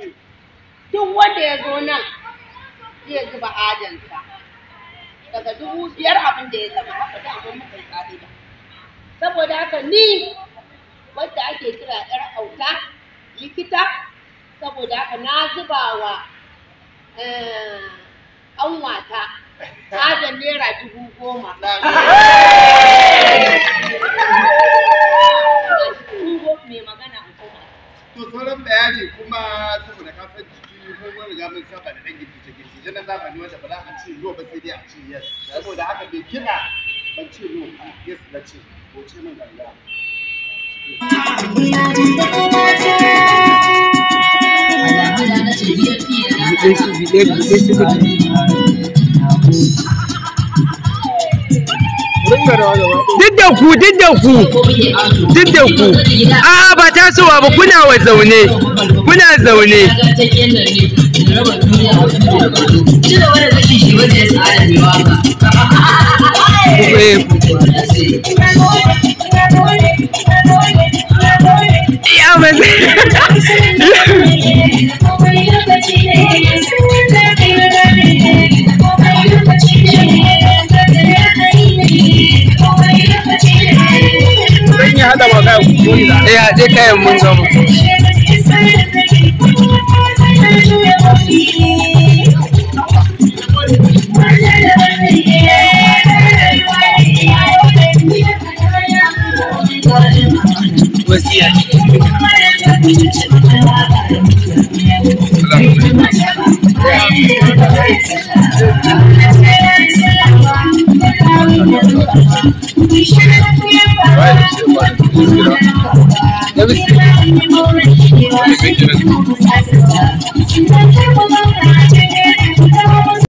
sani duk wanda ya zo nan zai zuba ajinsa daga dubu biyar abin da ya zama haka da amma muka ƙa'ida saboda haka ni wadda ake kira yar auta likita saboda haka na zuba wa eh, wata ajan naira dubu goma to sauran bayani kuma saboda ka san jiki ko mun riga mun saba da dan girgice girgice na zamani wanda ba za a ce no ba sai dai a ce yes saboda haka bai kiɗa ban ce no yes na ce ko ce min ganga Thank you. duk da ku duk da ku duk da ku a ba tasowa ba kuna wa zaune kuna zaune eh, Ya Allah ba kai muni da je kai mun zo Thank you. hijira da